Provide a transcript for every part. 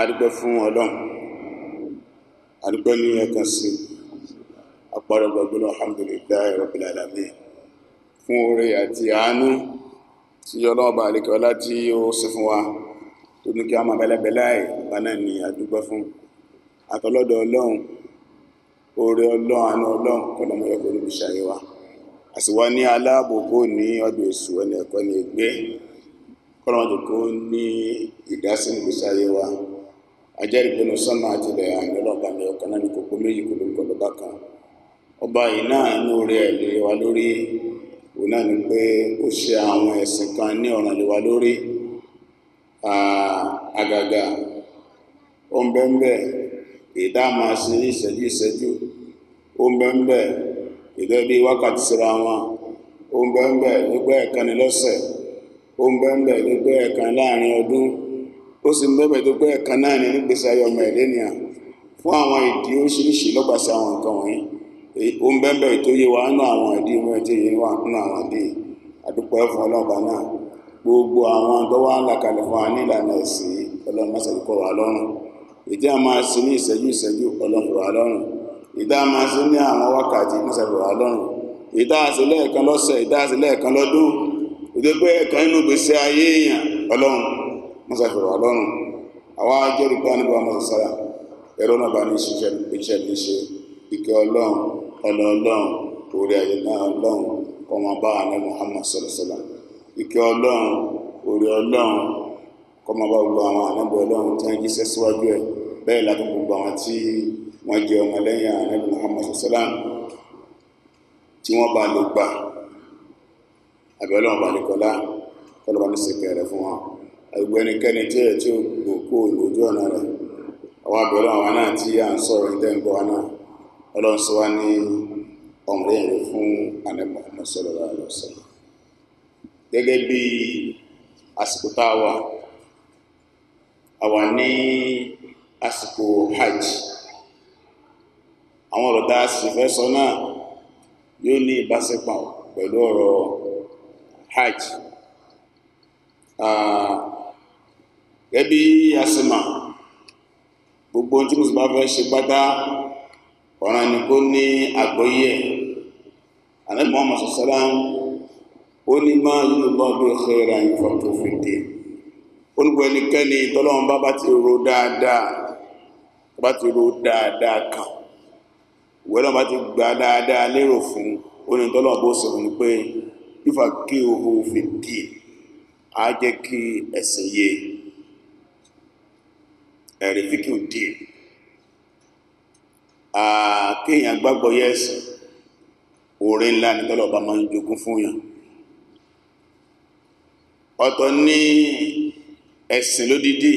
adúpẹ́ fún ọlọ́run adúpẹ́ ní ẹ̀kan sí àpárọ̀ gbọ́gbọ́n alhamdulillahi rabbil alamin fún oore àti àánú tí ọlọ́ọ̀bà àlekọ́lá tí ó ṣe fún wa tó ní kí a máa bẹ́lẹ́bẹ́lẹ́ ìgbà náà ni adúpẹ́ fún àtọlọ́dọ̀ ọlọ́run oore ọlọ́run àánú ọlọ́run kọlọmọyọkọ níbi ṣayé wa àsìwá ní aláàbò kò ní ọdún èṣù ẹni ẹ̀kọ́ ni ègbé kọlọmọdé kò ní ìdásí níbi ṣayé wa ajẹ́rìí pé nùsánmà àti ilẹ̀ àìlọ́lọ́ba ni ọ̀kan náà ní kókó méjì kò lórúkọ lọ́ba kan ọba yìí náà ní orí ẹ̀ lé wa lórí òun náà ni pé ó ṣe àwọn ẹ̀sìn kan ní ọ̀ràn lé wa lórí àgàgà ó ń bẹ́ńbẹ́ ìdá máa ṣe ní ìṣẹ́jú ìṣẹ́jú ó ń bẹ́ńbẹ́ wákàtí síra wọn ó gbogbo ẹ̀kan ní lọ́sẹ̀ ó gbogbo ẹ̀kan láàrin ọdún ó sì ń bẹ́bẹ̀ tó pẹ́ ẹ̀kan náà ní nígbèsè ayé ọmọ ẹ̀dẹ́ ni à fún àwọn ìdí oríṣiríṣi lọ́gbàsí àwọn nǹkan wọ̀nyí ó ń bẹ́bẹ̀ tó yé wa nínú àwọn ìdí ọmọ ẹ̀dẹ́ yìí wà nínú àwọn ìdí àdúpọ̀ ẹ̀fọn ọlọ́ọ̀bá náà gbogbo àwọn tó wá làkàlẹ̀ fún wa nílànà ẹ̀sìn ọlọ́run mọ́sàlì kọ́ wa lọ́rùn ìdí a máa ṣe ní ìṣẹ́jú ìṣẹ́jú ọlọ́run kọ́ wa lọ́rùn ìdá a àwọn wákàtí mọ́sàlì lọ́sẹ̀ ìdá àṣẹ lọ́dún ìdí pé ẹ̀kan nínú gbèsè ayé èèyàn ọlọ́run mọ́sàfẹ́rẹ́ wà lọ́rùn àwọn ajẹ́rì pé wọn bá mọ́sà sára ẹ̀rọ náà bá ní ṣiṣẹ́ iṣẹ́ ní ṣe ìkẹ́ ọlọ́run ọ̀nà ọlọ́run torí ayé náà ọlọ́run kọ́mọ àná Muhammad sọ̀rọ̀sọ̀rọ̀ ìkẹ́ ọlọ́run orí ọlọ́run kọ́mọ bá gbogbo àwọn ànábì ọlọ́run tí wọ́n jíṣẹ́ síwájú ẹ̀ bẹ́ẹ̀ láti gbogbo àwọn tí wọ́n jẹ́ ọmọlẹ́yìn ànábì Muhammad sọ̀rọ̀sọ̀rọ̀ tí wọ́n bá lò gbà àbẹ̀ọ́lọ́run bá nìkọ́lá kọ́lọ́ba ní sèkẹ́ rẹ̀ fún wọn. gbogbo ẹnikẹ́ni tí tí ó gbò kó ọ̀nà rẹ àwọn abẹ́rẹ́ àwọn náà tí à ń sọ̀rọ̀ ìtẹ́ ń náà ọlọ́run sọ wá ní ọ̀rẹ́ rẹ̀ fún gẹ́gẹ́ bí àsìkò tá a wà ní àsìkò hajj àwọn ọ̀rọ̀ tá a sì fẹ́ sọ náà hajj. Ah, gẹ́bí asema gbogbo tí mùsùlùmí bá fẹ́ ṣe pátá ọ̀ràn ni kó ní àgbọ́yé ẹ̀ ànábì Muhammad sọ́sọ́lá ó ní máa yóò bá bí ọ̀kẹ́rẹ́ àyùfà tó fi dé olùgbò ẹnikẹ́ni tọ́lọ́run bá bá ti ro dáadáa bá ti ro dáadáa kan ìwé náà ti gba dáadáa lérò fún onítọ́lọ́run bó sọ̀rọ̀ ni pé fífà kí òhun fi dì kí ẹ̀sìn yé ẹ̀rí fíkì òdì kéèyàn gbàgbọ́ yẹ́sì oore ńlá ní tọ́lọ̀ ọba máa ń jogún fún yàn ọ̀tọ̀ ní ẹ̀sìn lódìdí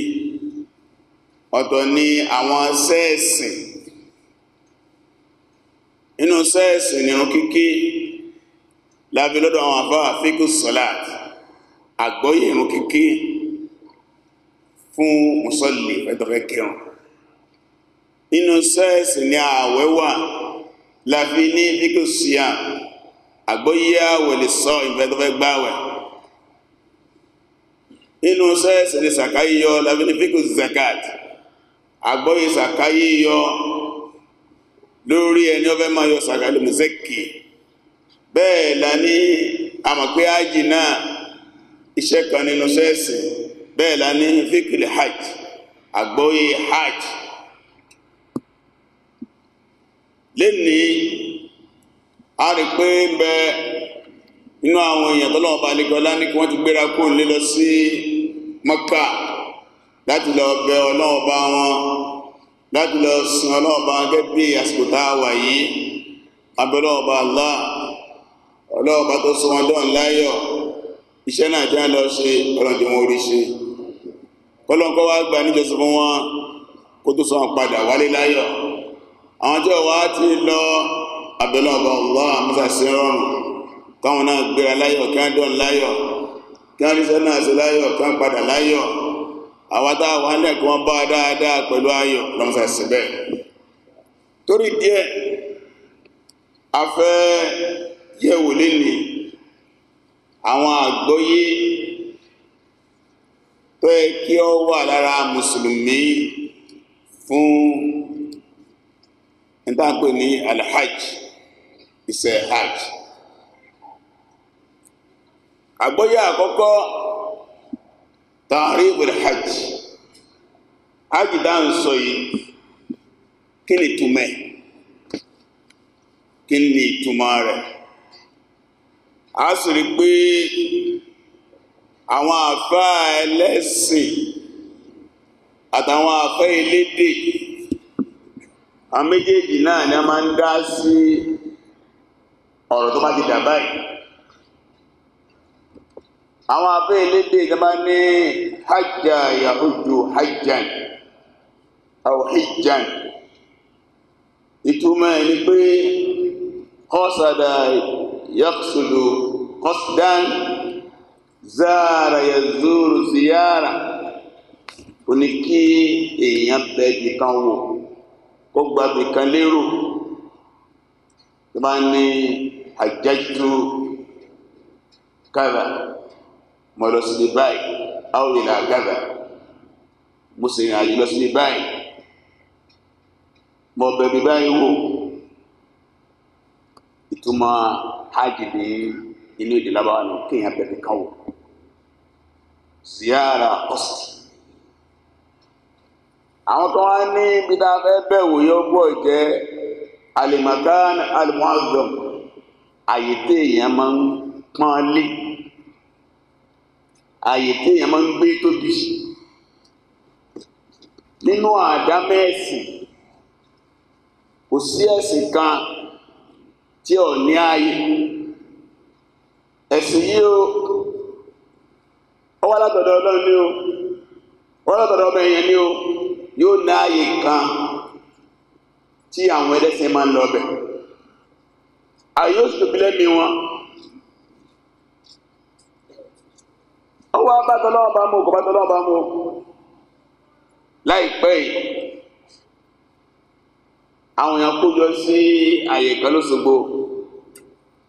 ọ̀tọ̀ ní àwọn sẹ́ẹ̀sìn inú sẹ́ẹ̀sìn nìrún kíkí lábí lọ́dọ̀ àwọn àfáà fíkù sọ́láàtì àgbọ́yé ìrún kíkí fún mùsọ́lì fẹ́tọ̀fẹ́ kírùn nínú sẹ́ẹ̀sì ni ààwẹ̀ wà láfi ní fíkò síyà àgbóyé àwẹ̀ lè sọ ìfẹ́tọ̀fẹ́ gbáwẹ̀ nínú sẹ́ẹ̀sì ni sàkáyíyọ láfi ní fíkò zakat àgbóyé sàkáyíyọ lórí ẹni ọbẹ̀ máa yọ sàkáyí mùsẹ́kì bẹ́ẹ̀ la ní àmọ̀ ájì náà iṣẹ́ kan nínú sẹ́ẹ̀sì bẹ́ẹ̀ la ní fíkìlì hajj àgbọ́yé hajj lẹ́ni a rí pé ń bẹ inú àwọn èèyàn tọ́lọ́wọ́ bá lè ní kí wọ́n ti gbéra kó lè lọ sí Mọ́kà láti lọ bẹ ọlọ́wọ́ bá wọn láti lọ sin ọlọ́wọ́ bá wà yìí bá ọlọ́wọ́ bá tó sọ wọn dán láyọ̀ iṣẹ́ náà jẹ́ kọ́lọ́nkọ́ wá gba níjọsìn fún wọn kó tó sọ wọn padà wálé láyọ̀ àwọn tí wọ́n wá ti lọ abẹ́lẹ́ ọba ọ̀lá àmúṣàṣe rọrùn káwọn náà gbéra láyọ̀ kí wọ́n dọ̀n láyọ̀ kí wọ́n níṣẹ́ náà ṣe láyọ̀ kí wọ́n padà láyọ̀ àwa tá a wà nílẹ̀ kí wọ́n bá a dáadáa pẹ̀lú ayọ̀ lọ́múṣàṣe bẹ́ẹ̀ torí díẹ̀ afẹ́ yẹ̀wò lẹ́nìí àwọn àgbọ́yé tó kí ó wà lára mùsùlùmí fún ìtànkù ní alhaj iṣẹ́ hajj àgbọ́yé àkọ́kọ́ tààrí alhaj hajj dá ń sọ yìí kí ni túmẹ̀ kí ni ìtumọ̀ rẹ̀ a sì rí pé àwọn àfáà ẹlẹ́sìn àtàwọn àfáà elédè àwọn méjèèjì náà ni a máa ń dá sí ọ̀rọ̀ tó bá ti dà báyìí àwọn àfáà elédè tó bá ní hajjá yahudu hajjan àwọn hijjan ìtumọ̀ ẹni pé kọ́sàdà yaqsudu qasdan zara yazuru ziyara ó ní kí èèyàn bẹ nìkan wò kó gba nìkan lérò tó bá ní àjẹjú kàdà mo lọ sí ní báyìí àwọn èèyàn kàdà mo sì rìn àjò lọ sí ní báyìí mo bẹ̀rù báyìí wò ìtumọ̀ hajj ní inú ìdílábàá nù kéèyàn bẹ̀rù kan wò ziara kọ́sì. àwọn tó wá ní ibi tá a fẹ́ bẹ̀wò yóò gbọ́ jẹ́ alimakan alimuazam àyè tí èèyàn máa ń pọ́n lé àyè tí èèyàn máa ń gbé tóbi nínú àdámẹ́sìn kò sí ẹ̀sìn kan tí ò ní ààyè ẹ̀sìn yìí ó wá látọ̀dọ̀ ọlọ́run ní o wọ́n látọ̀dọ̀ ọmọ èèyàn ní o yóò ná ààyè kan tí àwọn ẹlẹ́sìn máa ń lọ bẹ̀ ààyè yóò sì tóbi mi wọn ó wá bá tọ́lọ́wọ́ bá mú kò bá tọ́lọ́wọ́ bá mú láìpẹ́ yìí àwọn èèyàn kójọ sí ààyè kan lóṣogbo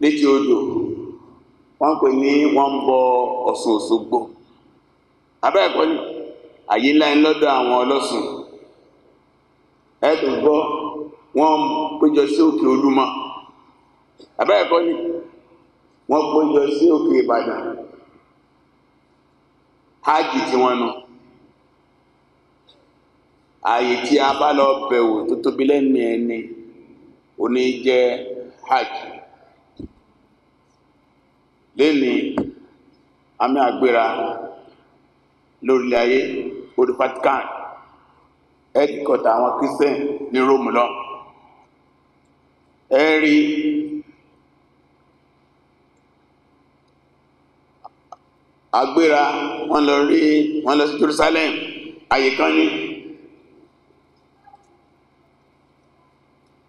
létí odò pè ní abẹ́rẹ́ kọ́ ni àyè ńlá lọ́dọ̀ àwọn ọlọ́sùn ẹ gbọ́ wọ́n péjọ sí òkè olúmọ wọ́n péjọ sí òkè ìbàdàn hajj tí wọ́n tí a bá tó tóbi lẹ́nu ẹni òní jẹ́ hajj àmì àgbéra. lórílẹ̀ ayé orí Vatican ẹ̀dìkọ̀tà àwọn Christian ní Rome lọ ẹ̀rí agbéra wọ́n lọ rí wọ́n lọ sí Jerusalem àyè kan ní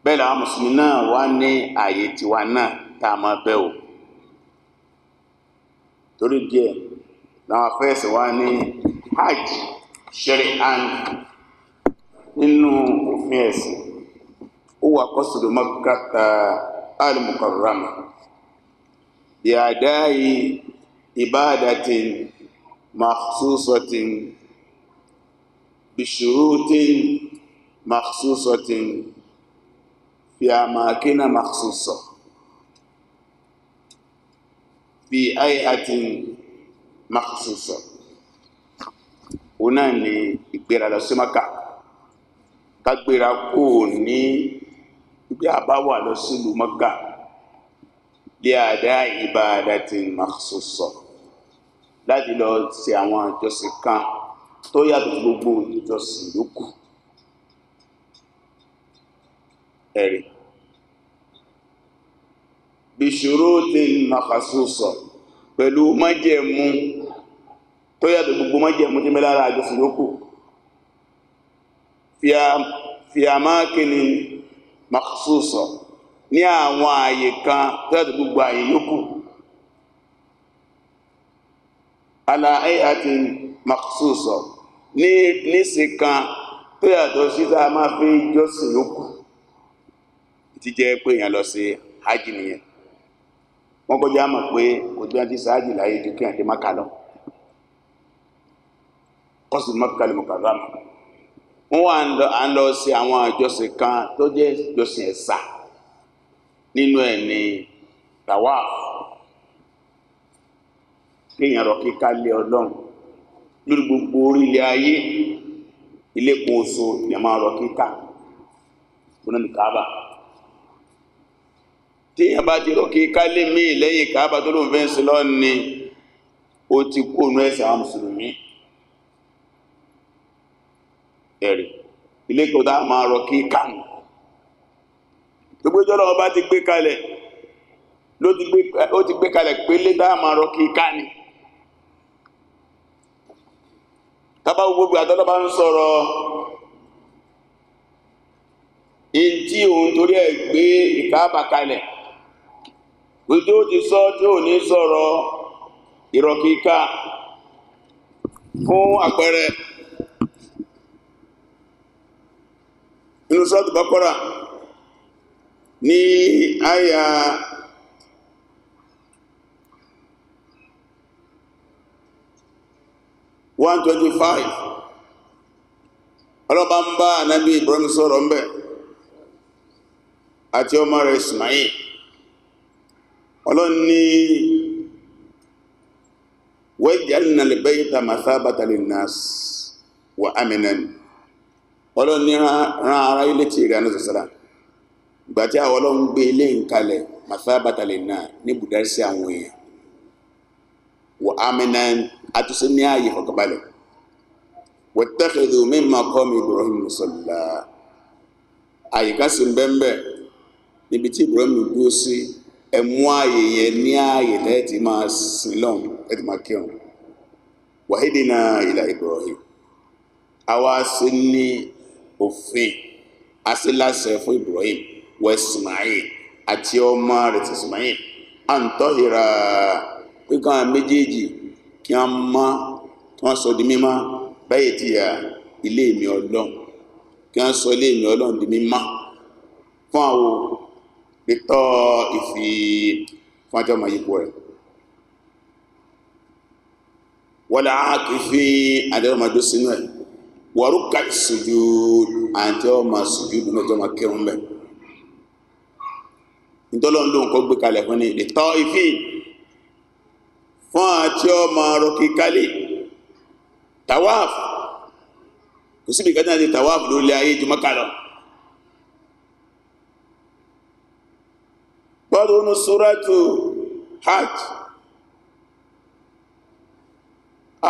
bẹ́ẹ̀ làwọn mùsùlùmí náà wá ní àyè tiwa náà tá a máa bẹ̀ wò torí díẹ̀ làwọn afẹ́ẹ̀sì wá ní hajj شرعا nínú òfin ẹ̀sìn ó wà kọ́sùdù mọ́kàtà alimukarama yàdáyì ìbáàdàtìn maksusotin bishurutin maksusotin fi amakina maksuso fi ayatin maksusotin. òun náà ni ìgbéra lọ sí maka kágbéra kò ní ibi àbáwà lọ sílùú maka lé àdá ibadatin makhsusa láti lọ ṣe àwọn ìjọsìn kan tó yàtọ̀ gbogbo ìjọsìn yòókù ẹ̀rì bi shurutin makhsusa pẹ̀lú májẹ̀mú tó yàtọ̀ gbogbo májẹ̀mú tí mẹ́lára àjọsìn yókù fi àmákìní makhsusa ní àwọn ààyè kan tó yàtọ̀ gbogbo ààyè yókù aláàyè àti makhsusa ní níṣe kan tó yàtọ̀ síta máa fi jọ́sìn yókù ti jẹ́ pé èèyàn lọ sí hajj nìyẹn wọ́n kọjá mọ̀ pé kò gbé àti sáájì láyé ju àti máka kọ́sì mọ́kàlì mọ́kàlámà wọ́n wà á lọ sí àwọn àjọsìn kan tó jẹ́ ìjọsìn ẹ̀sà nínú ẹ̀ ní tàwa kéèyàn rọ kíká lé ọlọ́run lórí gbogbo orílẹ̀ ayé ilé kan oṣù ni a máa rọ kíká fúnà ní káàbà téèyàn bá ti rọ kíká lé míì lẹ́yìn káàbà tó lóun fẹ́ ń sin lọ́ni ó ti kó nu ẹ̀sìn àwọn mùsùlùmí ẹ̀rì ilé kan tá a rọ kí kánù gbogbo ìjọba ọba ti gbé kalẹ̀ ló ti gbé kalẹ̀ pélé tá a máa rọ kí kánì tábà gbogbo àtọ́lọ́ ń sọ̀rọ̀ in tí òun torí ẹ̀ gbé ìkáàbà kalẹ̀ gbogbo ti sọ tí ò ní nínú sọ́ọ̀tù bọ́kọ́rà ní àyà one twenty five ọlọ́ba ń bá anabi Ibrahim sọ̀rọ̀ ń bẹ̀ àti ọmọ rẹ̀ Ismail ọlọ́run ní wẹ́ẹ̀dì alìnàlẹ́bẹ́yìí tàmásá bàtàlì nàás wà ámìnàní ọlọ́run ní ran ara yín létí rẹ̀ àná sọ̀sọ̀rà ìgbà tí àwọn ọlọ́run gbé ilé ìkalẹ̀ màsábàtàlẹ̀ náà ní bùdárí sí àwọn èèyàn wọ amẹ́nà àtúnṣe ní ààyè ọ̀kọ̀balẹ̀ wọ́tẹ́kẹ̀dù mímọ́ kọ́mi Ibrahim sọ̀lá àyíká sí bẹ́ẹ̀ níbi tí Ibrahim dúró sí ẹ̀mú ààyè yẹn ní ààyè lẹ́ẹ̀tì máa sin lẹ́ẹ̀tì máa kírun wàhídìí náà ìlà Ibrahim àwa sí ní òfin asíláṣẹ fún Ibrahim wa Ismail àti ọmọ rẹ̀ ti Ismail à ń tọ́hìrà pínkan méjèèjì kí wọ́n mọ́ kí wọ́n sọ di mímọ́ báyìí ti yà ilé mi Ọlọ́run kí wọ́n sọ ilé mi Ọlọ́run di mímọ́ fún àwọn pétọ́ ìfi fún àjọ ọmọ yípo rẹ̀ wọ́n lè á kìí fi àjọ ọmọdé sínú ẹ̀ wàrúkà sujud àti ọmọ sujud náà jọmọ kírun bẹ ntọ́lọ́n ló ń kọ́ gbé kalẹ̀ fún ni ìtọ́ ìfì fún àti ọmọ rọkì kálí tawaf kò síbi kẹta náà ti tawaf lórí ayé jùmọ́ kalọ̀ gbọ́dọ̀ nù suratu hajj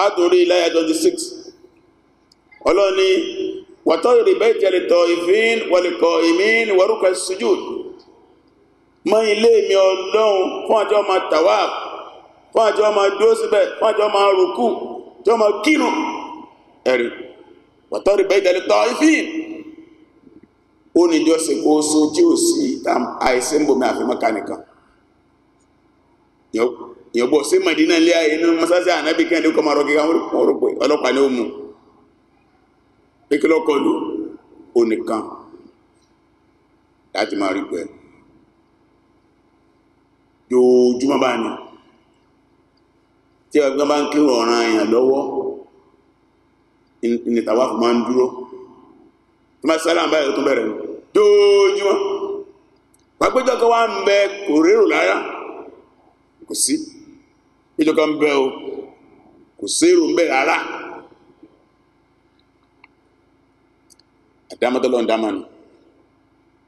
adùn rí iláyà 26 ọlọ́ni wàtọ́ ìrìbẹ́ ìtẹ̀lẹ̀ tọ̀ ìfín wọlẹ̀kọ̀ ìmín wọ́rúkọ sùjú mọ́ ilé mi ọlọ́run fún àjọ máa tàwà fún àjọ máa dúró síbẹ̀ fún àjọ máa rùkú tí wọ́n máa kírù ẹ̀rì wàtọ́ ìrìbẹ́ ìtẹ̀lẹ̀ tọ̀ ìfín ó ní jọ́sìn kó so tí ò sí àìsí ń bomi àfimọ́ká nìkan yọ̀bọ̀ sí Mẹdínà ilé ayé nínú mọ́sáàsì ànábì kẹ́hìndé pé kí lọ́kọlù ó nìkan láti máa rí pẹ́ lójúmọ́ bá ní tí ọgbọ́n bá ń kírun ọ̀ràn èèyàn lọ́wọ́ ní tàwáfù máa ń dúró tó máa sálà báyìí tó bẹ̀rẹ̀ lójúmọ́ pàgbéjọ́ kan wá ń bẹ kò rérò lára kò sí bẹ àdámọ́tọ́lọ́ ń dámọ́ ni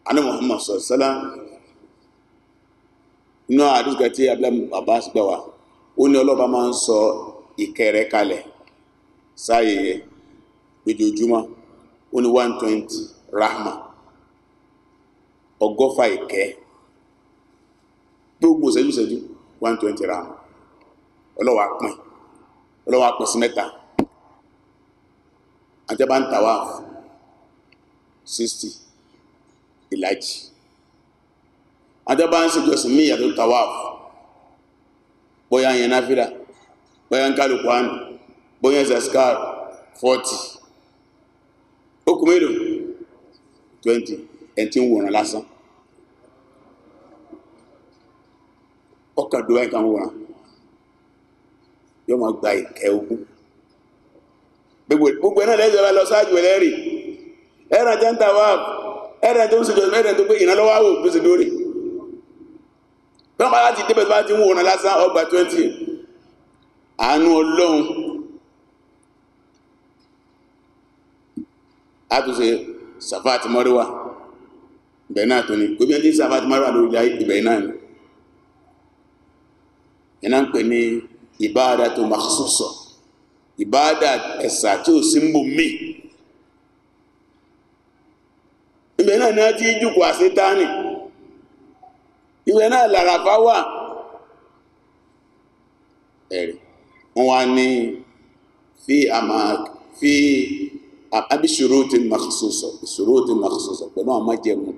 àná Muhammad sọ̀sọ́lá inú àdúgbò tí abúlé Abbas gbà wá ó ní ọlọ́ba máa ń sọ ìkẹrẹ kalẹ̀ sáàyè yẹ lójoojúmọ́ ó rahma gbogbo one twenty rahma sixty ìlàjì àtẹ́bánsì jọsìn mí ìyàtọ̀ tawaf bóyá yẹn náfíra bóyá ń kálùkù àmì bóyá zaskar forty okùn mélòó twenty ẹni tí ń wòran lásán ọkà dúró ẹ̀ka ń wòran yóò máa gba ìkẹ́ ogun gbogbo ẹ̀ náà lẹ́yìn lọ sáájú ẹlẹ́rìí ẹran tó ń ta wá ẹran tó ń sojọ gbé ìrànlọ́wọ́ àwò bó lórí tọ́pá láti débẹ̀ tó ti ń lásán ọgbà 20 àánú ọlọ́run àtúnṣe sàfáàtì mọ́ríwá ibẹ̀ náà tó ní gómìnà tí sàfáàtì mọ́ríwá ló jẹ́ ibẹ̀ náà ni ń pè ibẹ̀ náà ni wọ́n ti jùkú àṣetánì ibẹ̀ náà làràfá wà ẹ̀rẹ̀ wọ́n wá ní fi àmà fi àbí ṣurutin makhsusa ṣurutin makhsusa pẹ̀lú àwọn májẹ̀mú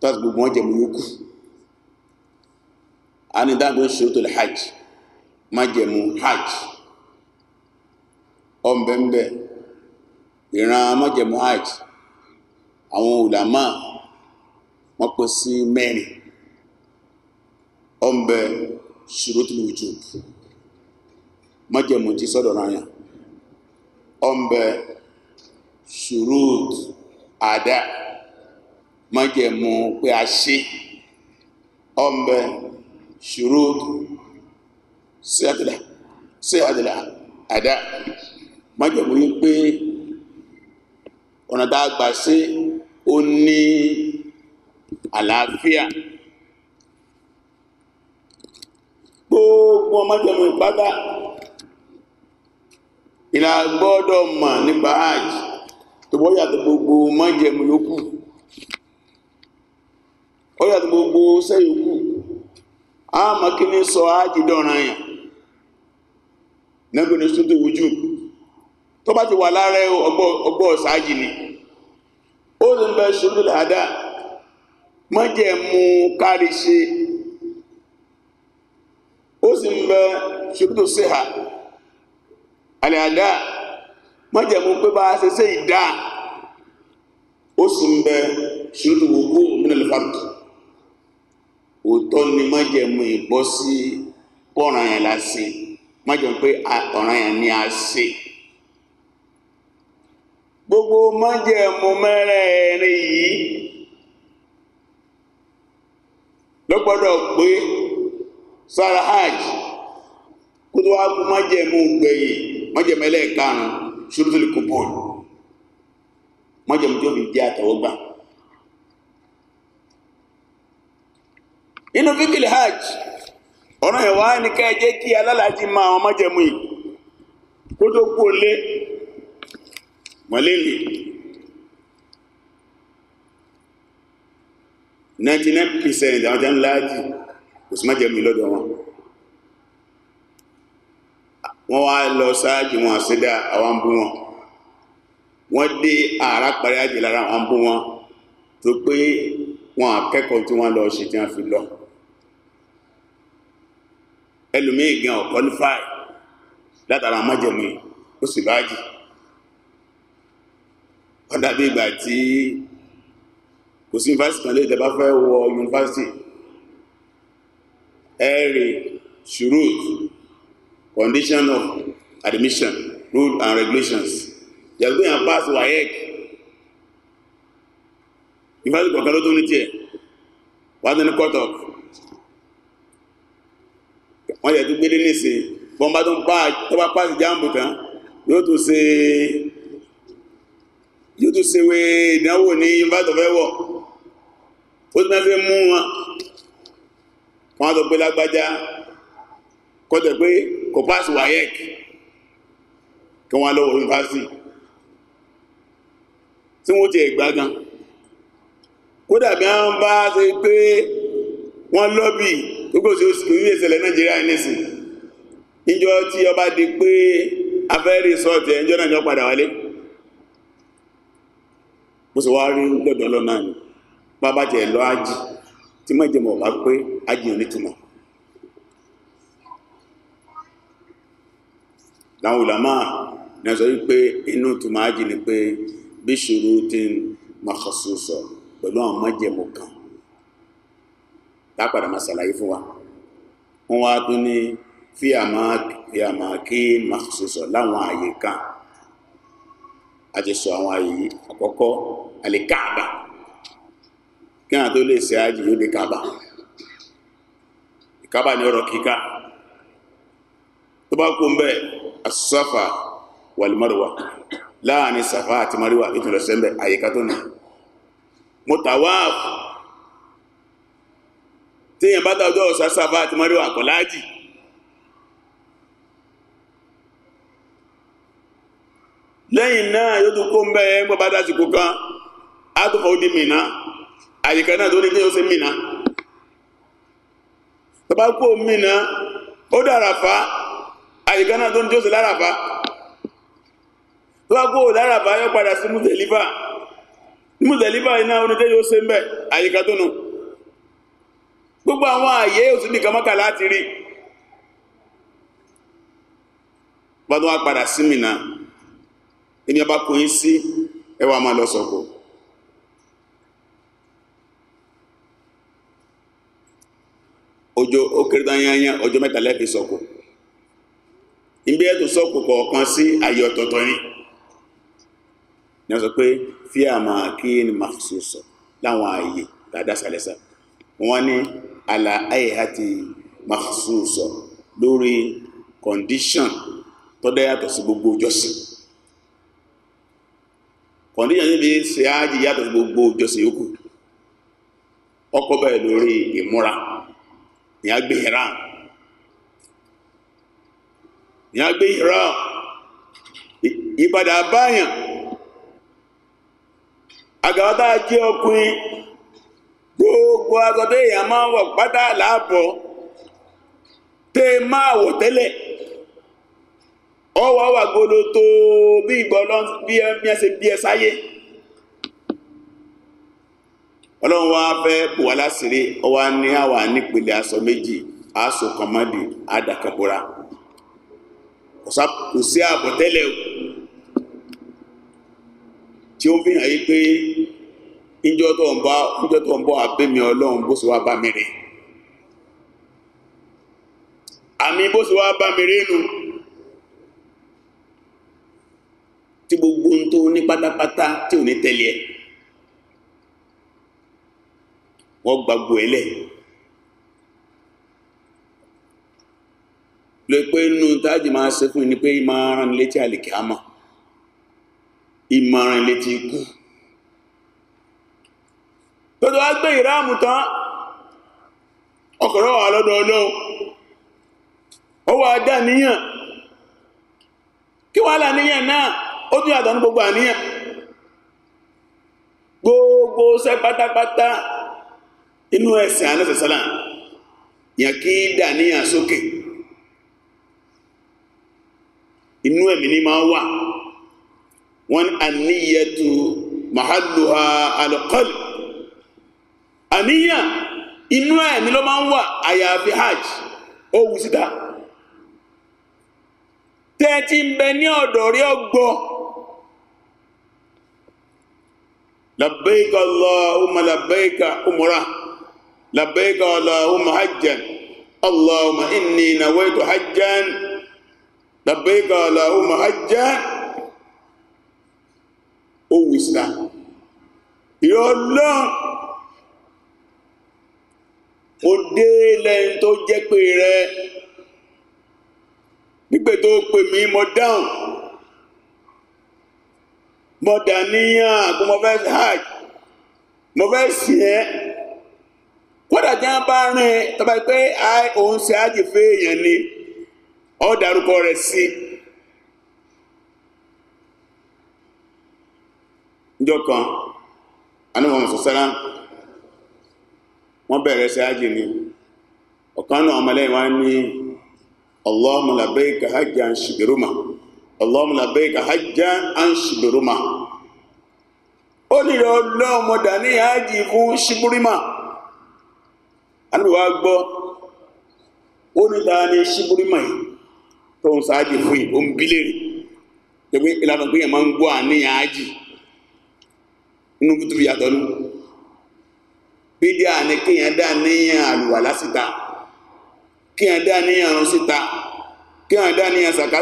tọ́sí gbogbo májẹ̀mú yókù a ní dáńgbé ṣurutul hajj májẹ̀mú hajj ọ̀nbẹ̀ńbẹ̀ ìran májẹ̀mú hajj àwọn ulama wọ́n pín sí mẹ́rin ọ̀nbẹ ṣurutul wujub májẹ̀mú ráyà ọ̀nbẹ ṣurut àdá májẹ̀mú pé a ṣe ọ̀nbẹ ṣurut síyàtìlá síyàtìlá àdá májẹ̀mú yí pé ọ̀nà tá a gbà ó ní àlàáfíà gbogbo ọmọdéwọ̀n ìpátá ìlà gbọ́dọ̀ mọ̀ nípa hajj tó bọ́ yàtọ̀ gbogbo mọ́jẹ̀mù yókù ó yàtọ̀ gbogbo sẹ́yòkù a mọ̀ kí ní sọ hajj dọ̀ràn yàn lẹ́gbẹ̀ẹ́ ní sótò wújú tó bá ti wà lára ọgbọ́ ọ̀sáàjì ni. Ogbo, ó sì ń bẹ ṣubú làdá mọ́jẹ̀mú kárí ṣe ó sì ń bẹ ṣubú síhà àlàdá mọ́jẹ̀mú pé bá a ṣe ṣe ìdá ó sì ń bẹ ṣubú gbogbo òmìnira lẹ́fàdùn òótọ́ ni mọ́jẹ̀mú ìbọ́ sí ọ̀ràn yẹn la ṣe mọ́jẹ̀mú pé ọ̀ràn yẹn ni a ṣe gbogbo májẹ̀mú mẹ́rẹ̀ẹ̀rin yìí ló gbọ́dọ̀ gbé sára hajj kó tó wá kú májẹ̀mú gbẹ̀yìn májẹ̀mú ẹlẹ́ẹ̀karùn ṣúrútùlù kúpọ̀n májẹ̀mú tí ó fi jẹ́ àtẹ̀wọ́gbà nínú fíkìlì hajj ọ̀nà ẹ̀wà ní kẹ́ẹ̀jẹ́ kí alálàájì máa àwọn májẹ̀mú yìí kó tó kú lé wọ́n 99% lè ninety nine percent àwọn jẹun láàjì kò sí má jẹ mi lọ́dọ̀ wọn wọ́n wá lọ sáájì wọn àṣídá àwọn bú wọn wọ́n dé ààrá parí àjì lára àwọn bú wọn tó pé wọn akẹ́kọ̀ọ́ tí wọ́n lọ ṣe tí wọ́n fi lọ ẹlòmíì gan ọ̀kọ́lífàì látara májẹ̀mí ó sì báàjì ó dàbí ìgbà tí kò sí university. kan lè tẹ́ bá fẹ́ wọ yunifásitì ẹ̀rì shurut condition of admission rule and regulations yàgbé yàn pass WAEC yunifásitì kọ̀ọ̀kan ló tó ní tiẹ̀ wà ní court of wọ́n yẹ̀ tó gbélé nísìn bọ́n bá tó ń pa tó pass jambu tán yóò tún ṣe é yóò tún ṣe wé ìdánwò ní yunifásitì fẹ́ wọ̀ ó tún fẹ́ mú wọn wọn á sọ pé lágbájá kọ́tẹ̀ pé kò páàsì wáyẹ́k e kí wọ́n lọ́wọ́ yunifásitì tí wọ́n ti ẹ̀gbá gan kódà bí wọ́n bá ṣe pé wọ́n lọ́bì gbogbo sí orílẹ̀ ìṣẹ̀lẹ̀ Nàìjíríà nísìn níjọ́ tí ọba di pé afẹ́rí sọ́ọ̀tẹ̀ ẹjọ́ náà jọ padà wálé bó ṣe wá rí lọ́dọ̀ lọ ni lọ ájì tí má jẹmọ̀ bá pé ájì ò láwọn ìlàmà ní inú ájì ni pé bí ṣòro ti ń pẹ̀lú àwọn májẹ̀mọ̀ kan lápàdà máa ṣàlàyé wa wọ́n wá tún ní láwọn àyè a ti sọ àwọn àyè yìí àkọ́kọ́ àlìkáàbà kí àwọn tó lè ṣe àjì yóò dé káàbà ìkáàbà ni ọ̀rọ̀ kíká tó bá kó ń bẹ as-Safa wal-Marwa láàrin Safa àti Marwa ìtùlọ̀ sẹ́mbẹ̀ àyíká tó nà mọ́tàwáàfù tí èèyàn bá tàbí ọ̀sá Safa àti Marwa kọ̀láàjì lẹ́yìn náà yóò tún kó ń bẹ́ẹ̀ mọ́ bá dásìkò kan á tún fọ́ ó di mìíràn àyíká náà tó ní ó kó ó fa àyíká náà tó ní kí ó fa kó yóò padà sí iná ń àyíká tó nù gbogbo àwọn àyè láti rí padà sí ẹni ọba kò yí sí ẹwà máa lọ sọ̀kò ọjọ́ ó kéré tán ọjọ́ mẹ́ta lẹ́ẹ̀fi sọ̀kò ìgbé ẹ̀tọ́ sọ̀kò kọ̀ọ̀kan sí ayé ọ̀tọ̀ọ̀tọ̀ ni ni wọ́n sọ pé fí àmà kí ni màṣú sọ láwọn ààyè dáadáa sàlẹ̀sà wọ́n ní àlà àyèhà ti màṣú sọ lórí kọ̀ǹdíṣàn tọ́dọ̀ yàtọ̀ sí gbogbo ọjọ́sìn ọ̀níyàn ní bí ṣe ájì yàtọ̀ sí gbogbo ìjọsìn yòókù ọkọ̀ bẹ̀rẹ̀ lórí ìmúra ní agbé ìrà ní agbé iran ìpadà báyàn àgàwátá jẹ́ ọkùnrin gbogbo agbọ́dé èèyàn máa wọ̀ pátá láàbọ̀ tẹ́ máa wọ̀ Ọ wà gbolo tó bí ìgbọ́lọ́ bí ẹ bí ẹ ọlọ́run wá fẹ́ ọwá ní nípele aṣọ méjì aṣọ àbọ̀tẹ́lẹ̀ tí ó fi hàn yí pé tó ń bá ọlọ́run bó sì wá àmì bó sì wá nù. tí gbogbo ohun tó ní pátápátá tí ò ní tẹ̀lé ẹ̀ wọ́n gbàgbọ́ ẹ lẹ̀ lè pé inú tájì máa ṣe fún ni pé máa rán létí àlèkè àmọ́ ìmọ̀ràn létí ikú tọ́jú wá ìráàmù tán ọkọ̀rọ̀ wà lọ́dọ̀ ọlọ́run ó wà níyàn kí wà níyàn náà ó tún yàtọ̀ ní gbogbo àníyàn gbogbo ṣẹ́ pátápátá inú ẹ̀sìn alẹ́sẹ̀sẹ́lá yàn kí dàníyàn sókè inú ẹ̀mí ní máa wà wọ́n àníyàtù mahalluha alqalb àníyàn inú ẹ̀mí ló máa ń wà àyàfi hajj ó wù síta tẹ́ẹ̀tí ń bẹ ní ọ̀dọ̀ rí ọgbọ́n لبيك اللهم لبيك عمره لبيك اللهم حجا اللهم إني نويت حجا لبيك اللهم حجا أو إسلام يا الله ó لن تجيك tó بيبتوك بمي rẹ mo dàníyàn kó mo hajj mo fẹ́ sìn ẹ́ kódà jẹ́ bá rìn tọ́ba pé òun ṣe ni ọ darụkọ rẹ̀ sí i. njọ kan anabi wọn sọsẹlá bẹ̀rẹ̀ sí hajj ni ọ̀kan náà ọmọlẹ́yìn wa ní Allahumma labbaika hajjan shibruma. Allahumma labbayka hajjan an ṣùgbọ́rùmà ó nílò ọlọ́run mo dà ní hajj fún ṣùgbọ́rùmà alùwà gbọ́ ó ní dáa ní ṣùgbọ́rùmà yìí tó ń sáájì fún yìí ó ń bílẹ̀ rẹ̀ pẹ̀lú ìlànà pé yẹn máa ń gbọ́ àníyàn hajj inú kútu yàtọ̀ nù bídíà ni kéèyàn dá níyàn àlùwàlá síta kéèyàn dá níyàn ọ̀run síta kéèyàn dá níyàn sàká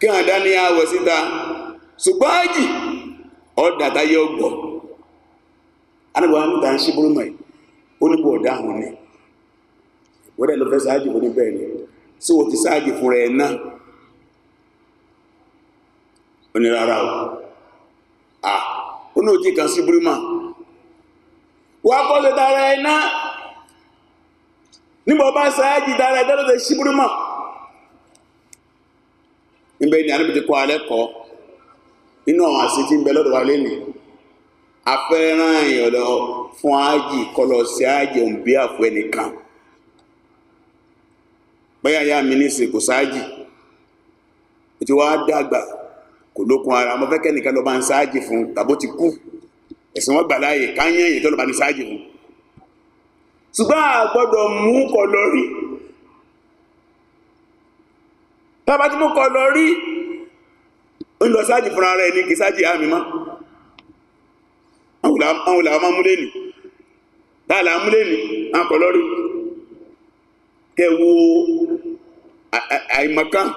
kí àdá ní àwọ̀ síta ṣùgbọ́n àjì ọ̀dà táyé ọgbọ̀ anábọ̀ àwọn ìta ń ṣe búrúmọ̀ yìí ó ní bọ̀ ọ̀dà àwọn ni wọ́n dẹ̀ ló fẹ́ sáájì fún níbẹ̀ ni sí wọ́n ti sáájì fún rẹ̀ náà ó o à ó òtí kan sí búrúmọ̀ wọ́n á tara ẹ̀ náà nígbà ọba sáájì tara ẹ̀ tẹ́lẹ̀ ṣe búrúmọ̀ níbẹ̀ ni anábìtì kọ́ alẹ́ kọ́ nínú àwọn àṣẹ tí ń bẹ lọ́dọ̀ wa lẹ́nu afẹ́ràn èèyàn lọ fún ájì kọlọ sí ájì òǹbí àfọ ẹnìkan bẹ́yà ya mi nísìn kò sáájì ètò wa dàgbà kò lókun ara ọmọ fẹ́kẹ́ nìkan lọ́ba ń sáájì fún tàbó ti kú ẹ̀sìn wọn gbà láàyè káyẹ̀yẹ̀ tó lọ́ba ní sáájì fún ṣùgbọ́n a mú kọ lórí tábà tí mo kọ lọ rí ń lọ sáàjì fúnra rẹ̀ ní kì sáàjì àmì mọ́ àwọn làwọn máa múlé nì láàlà múlé nì àkọ́ lọ́rí kẹwo àìmọ̀kan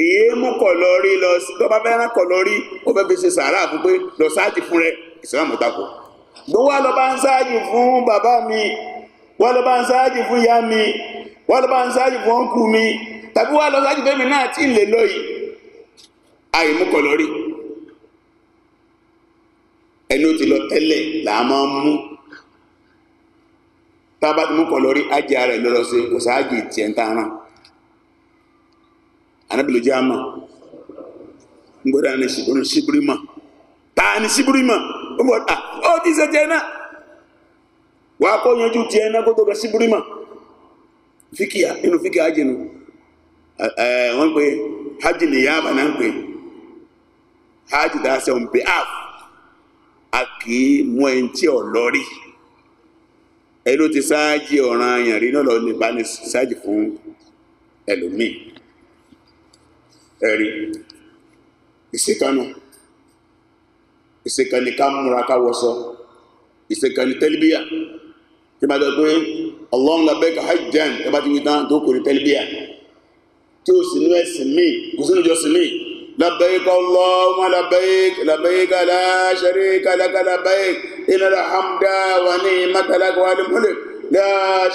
èyí mú kọ̀ lọ rí lọ tó bá fẹ́ rákọ̀ lọ rí ó fẹ́ fi ṣe sàárà fún pé lọ sáàjì fún rẹ ìsìlámù tako gbówó lọ bá ń sáàjì fún bàbá mi wọ́n lọ bá ń sáàjì fún ìyá mi wọ́n lọ bá ń ṣáájú fún ọ́nkù mi tàbí wọ́n lọ ṣáájú fẹ́mi náà tí ń lè lọ yìí àìmúkọ̀ lórí ẹni ó ti lọ tẹ́lẹ̀ là á máa ń mú tá a bá ti múkọ̀ lórí ajé ara ẹ̀ lọ́rọ̀ sí kò ṣáájú ìtì ẹ̀ ń tàn án anábìlẹ̀ jẹ́ àmà ń gbọ́dọ̀ ní ṣìbúrú ṣìbúrú mọ̀ ta ni ṣìbúrú mọ̀ ó ti ṣe jẹ́ náà wàá kọ́ yanjú tiẹ̀ náà kó tó ka ṣìbúrú mọ̀ fíkìá nínú fíkìá jìnú wọ́n pè hajj nìyàbà náà pè hajj dáṣẹ́ on behalf a kì í mú ẹni tí ò lọ rí ẹni ló ti sáájì ọ̀ràn àyàn rí náà lọ nípa ní sáájì fún ẹlòmíì ẹ̀rí ìṣèkánú ìṣèkánú ká múra ká wọṣọ ìṣèkánú tẹ́líbíyà tí ma jọ pé Allahumma labẹ́ka hajjan tí a bá ti wí tán tó kò rí tẹ́lifíà tí o sì ní ẹ̀sìn míì kò sínú ìjọsìn míì labẹ́ka Allahumma labẹ́ka labẹ́ka la sharika laka labẹ́ka innal hamda wa ni'mata laka wal mulk la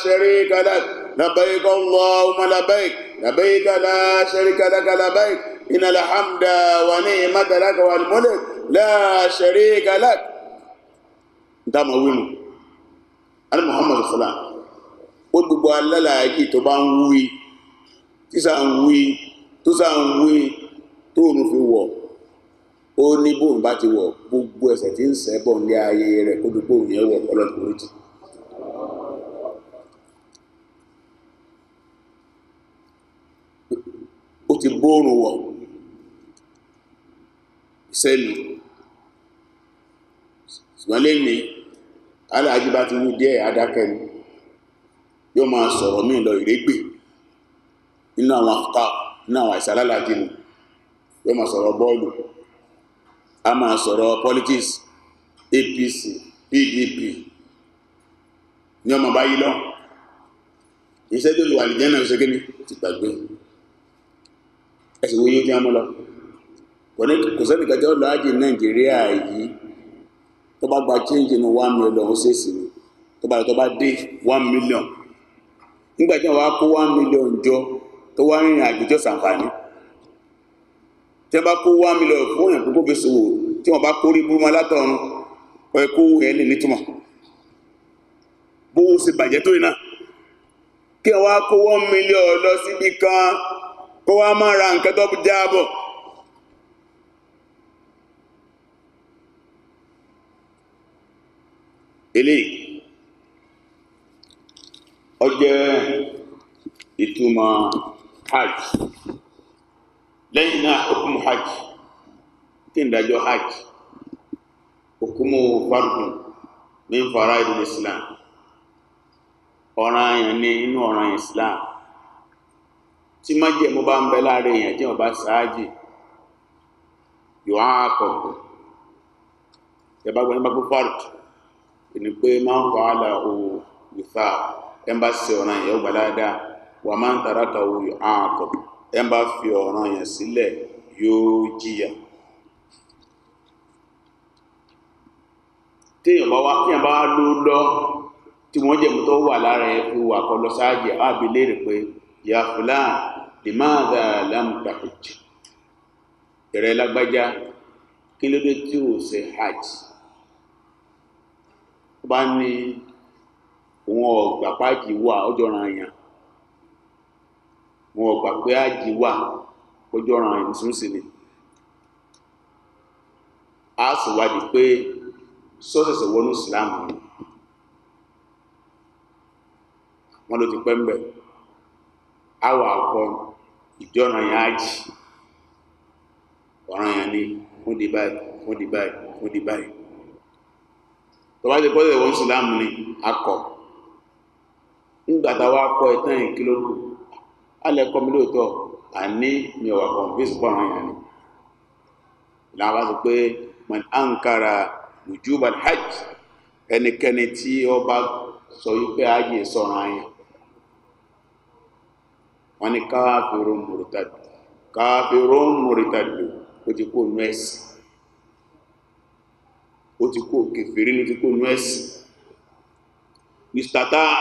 sharika laka labẹ́ka Allahumma labẹ́ka labẹ́ka la sharika laka labẹ́ka innal hamda wa ni'mata laka wal mulk la sharika ali muhammadu fúlà ó gbogbo alálàájì tó bá ń wí tísà ń wí tó sà ń wí tó òun fi wọ̀ ó ní bóun bá ti wọ̀ gbogbo ẹ̀ṣẹ̀ tí ń ṣẹ̀ bọ̀ ní ayé rẹ̀ kó dùn bóun yẹn wọ̀ ọlọ́dún oríjì. ó ti bóorùn wọ̀ sẹ́nu ṣùgbọ́n lẹ́yìn aláàjì bá ti wú díẹ̀ adákẹ́ ni yóò máa sọ̀rọ̀ míì lọ ìrégbè nínú àwọn àkọ́kọ́ nínú àwọn àìsàn ni yóò a máa sọ̀rọ̀ politics APC PDP ní ọmọ báyìí lọ iṣẹ́ tó lu àlìjẹ́ náà ṣe ti gbàgbé ẹ̀sìn wo yín tí wọ́n mú lọ kò sẹ́nìkan tó bá gba change nu one million ó ṣèṣì ni tó bá tó dé one million nígbà tí wọn wá kó one million jọ tó wá rìnrìn àjò jọ sàǹfààní tí wọn bá kó one million fún èèyàn gbogbo fi ṣòwò tí wọn bá kó rí burúkú látọ̀run ọ̀ẹ́ kó ẹ̀ lè nítumọ̀ bówó ṣe bàjẹ́ tó iná kí wọn wá kó one million lọ síbi kan kó wá máa ra nǹkan tó jábọ̀. eléyìí ó jẹ́ hajj lẹ́yìn náà hukumu hajj kí n dájọ́ hajj hukumu fardun min islam ọ̀ràn àyàn ní inú ọ̀ràn islam tí májẹ̀mú bá ń bẹ láàrin èèyàn tí wọ́n bá ṣáájì á kọ̀ọ̀kọ̀ Ni pé máa ń wàá la òwò ìfà ẹnba ṣe ọ̀ràn yẹn ó gbà dáadáa wà máa ń tara ka òwò ààkọ ẹnba fi ọ̀ràn yẹn sílẹ̀ yóò jìyà. téèyàn bá wá téèyàn bá ló lọ tí wọ́n jẹ̀mú tó wà lára ẹ̀ fi wà kọ́ lọ sáájì àbí léèrè pé yà fúlàn limaada lam tahajj ìrẹ́ lágbájá kí ló dé tí ò ṣe hajj tó bá ní òun ọ̀gbà páàkì wà ọjọ́ ran èèyàn òun ọ̀gbà pé àjì wà ọjọ́ ran èèyàn tún sí ni a sì wádìí pé sọ́sẹ̀sẹ̀ wọnú ìsìláàmù ni wọ́n ló ti pẹ́ ń bẹ̀ àwọ̀ àkọ ìjọ́ra yẹn ájì ọ̀ràn yẹn ni wọ́n di báyìí wọ́n di báyìí wọ́n di báyìí. tó bá jẹ́ ni akọ̀ nígbàtà wá ìtàn ìkílógù alẹ́kọ́ mi lóòótọ́ àní mi ò wà kọ̀ǹfẹ́sì àwọn ìlànà bá sọ pé ankara wujubal hajj ẹnikẹ́ni tí ó bá sọ wípé ayé sọ̀rọ̀ àyàn mùrìtàdù mùrìtàdù ó ti kó ó ti kó kèfèrí ló ti kó nú ẹ̀sìn mr taa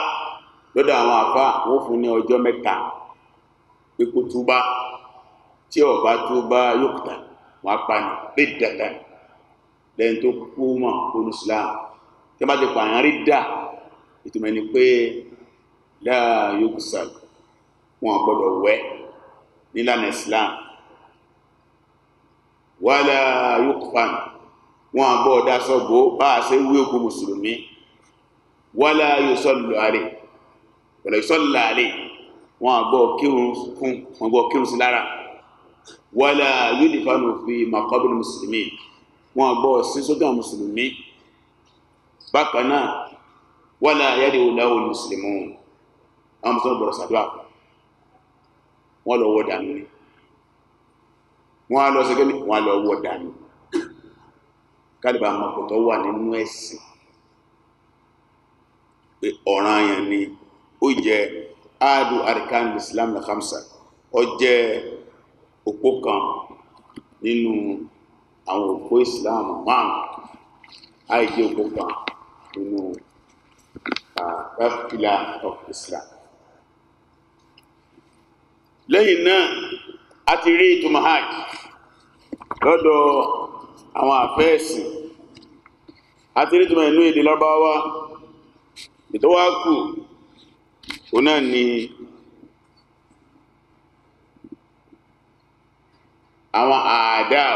lọ́dọ̀ àwọn àfá wọ́n fún ní ọjọ́ mẹ́ta pé kó túbá tí ó bá túbá yókùtà wọn apani lè dàda lẹ́yìn tó kú mọ̀ olú islam tí wọ́n bá ti pààyàn rí dà ìtumọ̀ ni pé láàyò kùsàl wọn gbọ́dọ̀ wẹ̀ nílànà islam wàhálà yókùfàánù wọn àbọ̀ ọ̀dá sọ́bọ̀ bá a ṣe wí ogun mùsùlùmí wala yusallu alay wala yusallu alay wọn àbọ̀ kírun fún wọn gbọ́ kírun sí lára wala yudfanu fi maqabir mùsùlùmí wọn àbọ̀ sí sójà mùsùlùmí bákan náà wala yad'u mùsùlùmí àwọn mùsùlùmí bọ̀rọ̀ sàdúrà lọ wọ dànù kálíbà àmọ̀kòtọ́ wà nínú ẹ̀sìn pé ọ̀ràn àyàn ni ó jẹ́ aadu arkan islam na khamsa ó jẹ́ òpó kan nínú àwọn òpó islam man àìjẹ òpó kan nínú rafila of islam lẹ́yìn náà a ti rí ìtumọ̀ lọ́dọ̀ àwọn àfẹ́ẹ̀sì àti rítùmọ̀ inú èdè lọ́báwá ìtọ́wákù o náà ni àwọn àdáà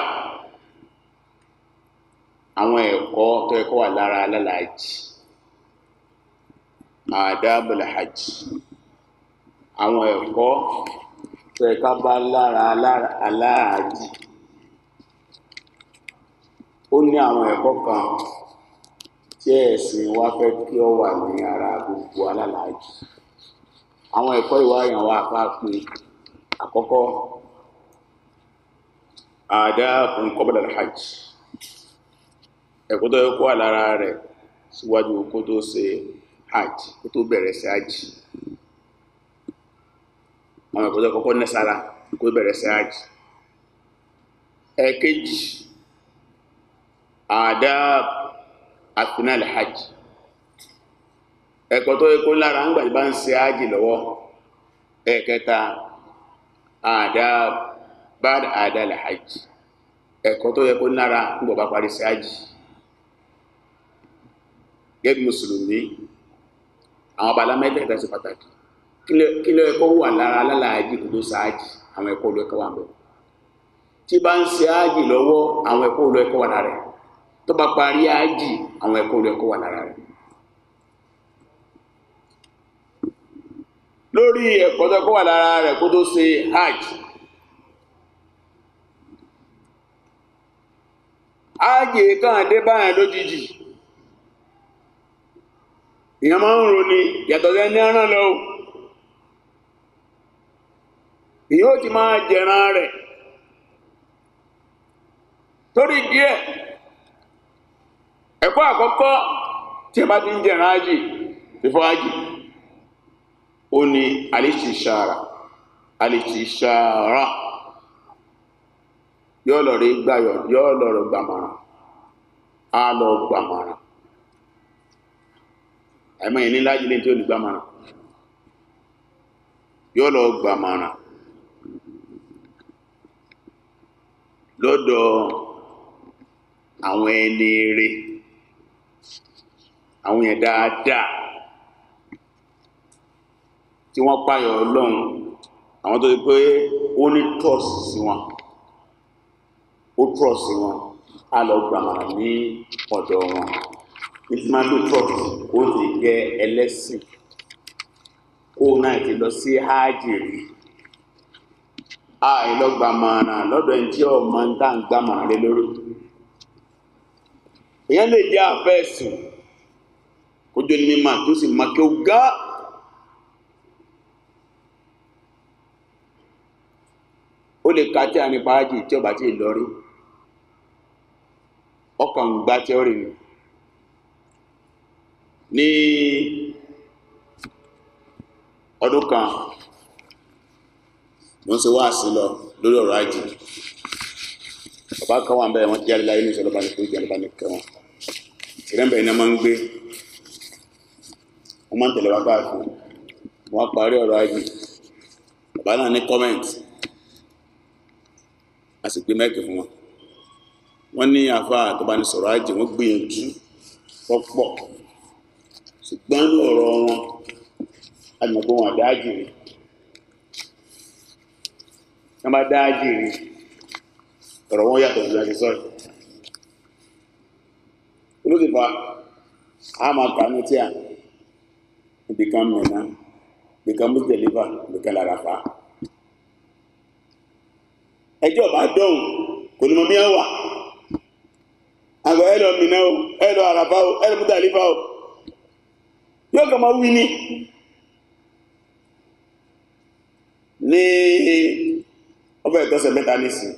àwọn ẹ̀kọ́ tó ẹ̀kọ́ wà lára alálàájì àdáàbùl hajj àwọn ẹ̀kọ́ tó ẹ̀ká bá lára alálàájì ó ní àwọn ẹ̀kọ́ kan tí ẹ̀sìn wa fẹ́ kí ọ wà ní ara gbogbo alálàájì àwọn ẹ̀kọ́ ìwà èèyàn wa apá pé àkọ́kọ́ àdá nǹkan bọ́dà hajj ẹ̀kọ́ tó yẹ kó wà lára rẹ̀ síwájú kó tó ṣe hajj kó tó bẹ̀rẹ̀ sí hajj àwọn ẹ̀kọ́ tó yẹ kọ́kọ́ nẹ́sára kó bẹ̀rẹ̀ sí hajj ẹ̀kejì. adab athna al-hajj ẹ̀kọ́ tó yẹ kó lára ń gbàjúbá ń ṣe ájì lọ́wọ́ ẹ̀kẹta adab bad adab al-hajj ẹ̀kọ́ tó yẹ kó lára ń gbọ̀bá parí ṣe ájì gẹ́gẹ́ mùsùlùmí àwọn ọba alámẹ́tẹ̀ẹ̀ta ṣe pàtàkì kí ló ẹ̀kọ́ wà lára alálàájì kò tó ṣáájì àwọn ẹ̀kọ́ olóẹ̀kọ́ wà bẹ̀ tí bá ń ṣe ájì lọ́wọ́ àwọn ẹ̀kọ́ olóẹ̀kọ́ wà lára ẹ̀ tó bá parí ájì àwọn ẹ̀kọ́ kó wà lára rẹ. lórí ẹ̀kọ́ tó kó wà lára kó tó ṣe hajj ájì kan dé báyẹn lójijì èèyàn máa ń ni yàtọ̀ sí ẹni ẹran lọ èèyàn ó ti máa jẹran ẹ̀kọ́ akọkọ tí ẹ bá ti ń jẹ̀rán ájì fífọ́ ájì ó ní alìṣìṣàrà alìṣìṣàrà yóò lọ rí gbàyọ̀ yóò lọ rọ gbàmọ̀ràn á lọ gbamara, àìmọ̀ yẹn ní láàyè tí ó lọ àwọn ẹni àwọn yẹn dáadáa tí wọ́n pààyàn ọlọ́run àwọn tó ti pé ó ní trust sí wọn ó trust wọn á lọ ní ọ̀dọ̀ wọn nítorí máa ó sì jẹ́ ẹlẹ́sìn kó náà ti lọ sí hajj rí àìlọ́gbàmàrà lọ́dọ̀ ẹni tí ń dá ń lé lórí lè jẹ́ ó jẹ́ onímọ̀ tó sì máa kí ó gá ó lè ka tí a ní pàájì tí ọba tí ì lọ rí ọkàn ń gba tí ó rìn ní ọdún kan wọ́n ṣe wáàsí lọ lórí ọ̀rọ̀ ajì bàbá kan wà ń bẹ̀rẹ̀ wọ́n ti jáde láyé ní ìṣẹ̀lẹ̀ bá ní kó jáde bá ní kẹwọn ìrẹ́mbẹ̀ẹ́ ni wọ́n máa ń gbé wọ́n máa ń tẹ̀lé wá gbáà kan wọ́n parí ọ̀rọ̀ agri bàbá náà ní comment a sì gbé mẹ́ẹ̀kì fún wọn wọ́n ní àfa àtọ́bánisọ̀rọ̀ ajé wọ́n gbìyànjú pọ́pọ̀ ṣùgbọ́n ní ọ̀rọ̀ wọn àgbẹ̀gbọ́n wọn àdá àjèrè wọ́n bá dá àjèrè ọ̀rọ̀ wọn yàtọ̀ sí àti sọ́ọ̀rọ̀ olóṣèlú a máa kà ní tí ibi kan Mínà ibi kan Muzdalifa ibi kan Àràfá ẹjọ́ bá dọ̀hùn kò ní mọ bí wọ́n wà àgọ́ ẹ lọ Mínà o ẹ lọ Àràfá o ẹ lọ Muzdalifa o yóò kàn máa wí ni ní ọbẹ̀ ìtọ́sẹ̀ mẹ́ta nísìn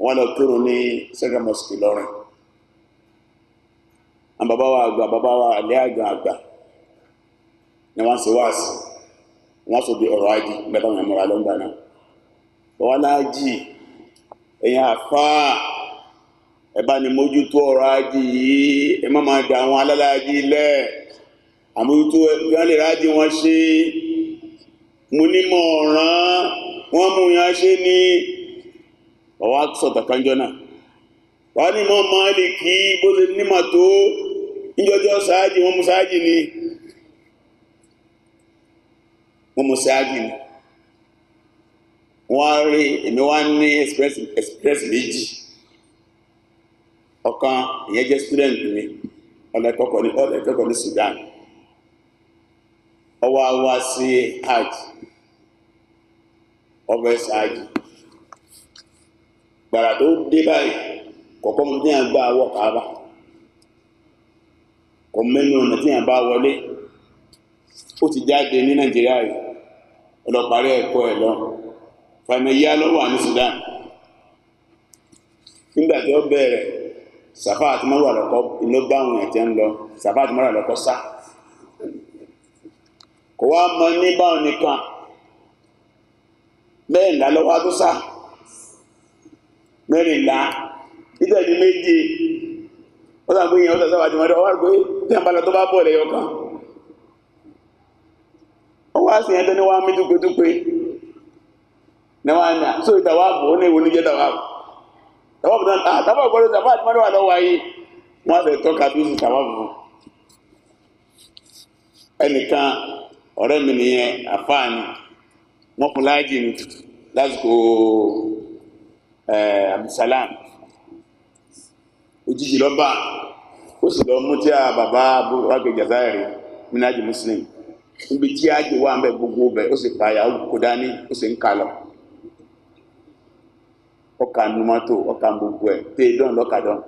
wọ́n lọ kúrò ní Central Mosque Ìlọrin wa àgbà bàbá wa àlẹ́ àgbà àgbà ni wọ́n ṣe wáàsí wọ́n sọ di ọ̀rọ̀ ajì gbẹ́dọ̀ wọn múra lọ́gbà náà bọ́wá láàjì èèyàn ẹ bá ní mójútó ọ̀rọ̀ ajì yìí ẹ má máa da àwọn alálàájì lẹ̀ àmójútó ìyálẹ̀ rájì wọn ṣe mo ní mọ̀ ọ̀ràn wọ́n mú yàn ṣe ni bọ́wá sọ̀tà kanjọ́ náà wọ́n ní mọ̀ máàlì kí bó ṣe nímọ̀ tó níjọ́jọ́ sáájì wọ́n mú sáájì ni. wọ́n mọ̀ sí ágìn wọ́n á express student mi ọ̀lẹ́kọ̀ọ́kọ̀ ní Sudan ọwọ́ si hajj ọbẹ̀ ṣáájú gbàrà tó dé báyìí kọ̀ọ̀kan mo ní àgbà wọ̀ káàbà kò mẹ́nu ọ̀nà tí àbá ó ti jáde ní nàìjíríà yìí ọlọ́parí ẹ̀kọ́ ẹ̀ lọ fàmìyá ló wà ní Sudan nígbà tí ó bẹ̀rẹ̀ sàfà àti mọ́wà lọ́kọ́ ló bá àwọn ẹ̀jẹ̀ ń lọ sàfà àti mọ́wà lọ́kọ́ sá kò wá mọ ní báwọn nìkan mẹ́rìnlá lọ́wọ́ tó sá mẹ́rìnlá nígbà tí méje ó sàgbéyàn ó sàgbéyàn ó sàgbéyàn ó sàgbéyàn ó sàgbéyàn ó sàgbéyàn ó sàgbéyàn wá sí ẹ̀tọ́ ní wá mí dúgbẹ́dúgbẹ́ níwáàdà so ìtàwàbù ó ní ìwò níjẹ́ tàwàbù tàwàbù náà tàwàbù gbọ́dọ̀ tàwàbù àti mọ́dọ̀wà lọ́wọ́ ayé wọ́n fẹ́ tọ́ka tó sì tàwàbù ẹnìkan ọ̀rẹ́ mi nìyẹn àfáàní wọ́n fún láàjì ní lásìkò abdulsalam òjijì lọ́ba ó sì lọ mú tí a bàbá abúlé wàgbé jazairi Minaji muslim ibi tí ájì wà ń bẹ gbogbo bẹ ó sì pa ìyàwó kó dání ó sì ń kà lọ ọkà nu mọ́tò ọkà gbogbo ẹ̀ tẹ́ dán lọ́kàdán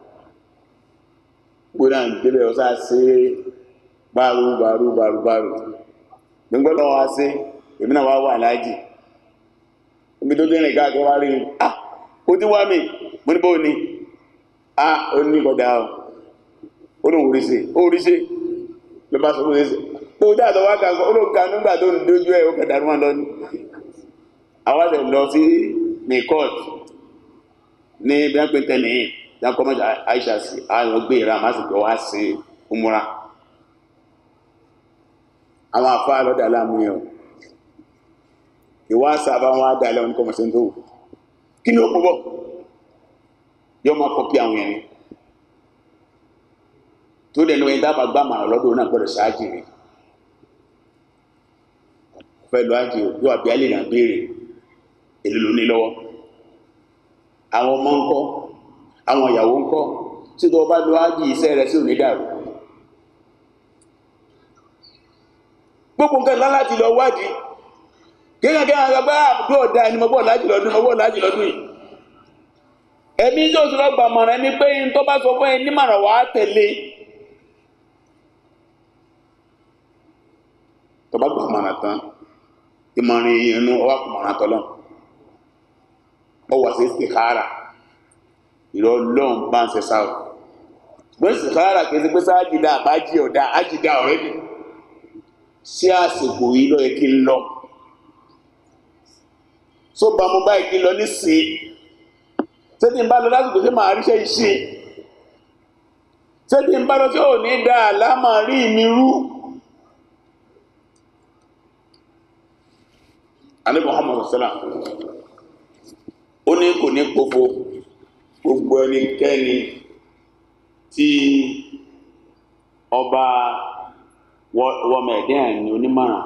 gbóná ìdílé ọ̀sá sí báru báru báru báru gbẹ́ngbọ́dọ̀ wá sí èmi náà wá wà láàjì omi tó dẹ́rìn káàkiri wá rí a ah, ó ti wá mi mo ní bó ni a ah, ó ní kọ̀dá o ó lóun rí sí ó rí sí ló bá sọ fún mi sí. kó dáa tó wá kan nígbà tó ń dojú ẹ ó kẹ dàrú wọn lọ ní. àwa lè lọ sí ní court ní bíyànjú tẹ̀lé yìí Aisha sí àwọn gbé ìran àmásì wá sí umura. àwọn afá lọ́dà láàmú yẹn o ìwà sábà wọn á tó kí ni ó kú bọ̀ yóò máa àwọn yẹn ni tó dábàá náà pẹ̀lú àti òjò àbí alẹ́nà béèrè èlò ló ní lọ́wọ́ àwọn ọmọ ń àwọn ìyàwó ń tí tó bá lọ iṣẹ́ gbogbo nǹkan ńlá láti lọ wádìí kéèyàn kéèyàn sọ àbúrò ọ̀dà ẹni mọ́bọ̀ láti lọ́dún láti lọ́dún yìí ẹ̀mí lọ gbàmọ̀ràn ẹni pé tó bá sọ fún ẹni mọ̀ràn tẹ̀lé ìmọ̀rin inú ọwá kò mọ̀ràn tọ́lọ́ ọwọ́ sí sìkára ìrọ̀ lọ́n bá ń sẹ́sà ọ̀ gbé sìkára kìí pé sáájìdá àbájì ọ̀dá ájìdá ọ̀rẹ́ mi sí àsìkò yìí ló yẹ kí n lọ tó bá mo báyìí kí n lọ nísìnyí ṣé tí n bá lọ lásìkò tí màá ríṣẹ́ iṣẹ́ ṣé tí n bá lọ sí òní dáa lámàrí mi rú. anabi muhammadu sallam oni ní kò ní pòfo gbogbo ẹnikẹ́ni tí ọba wọmọ ẹ̀dẹ́ ẹ̀ni onímọ̀ràn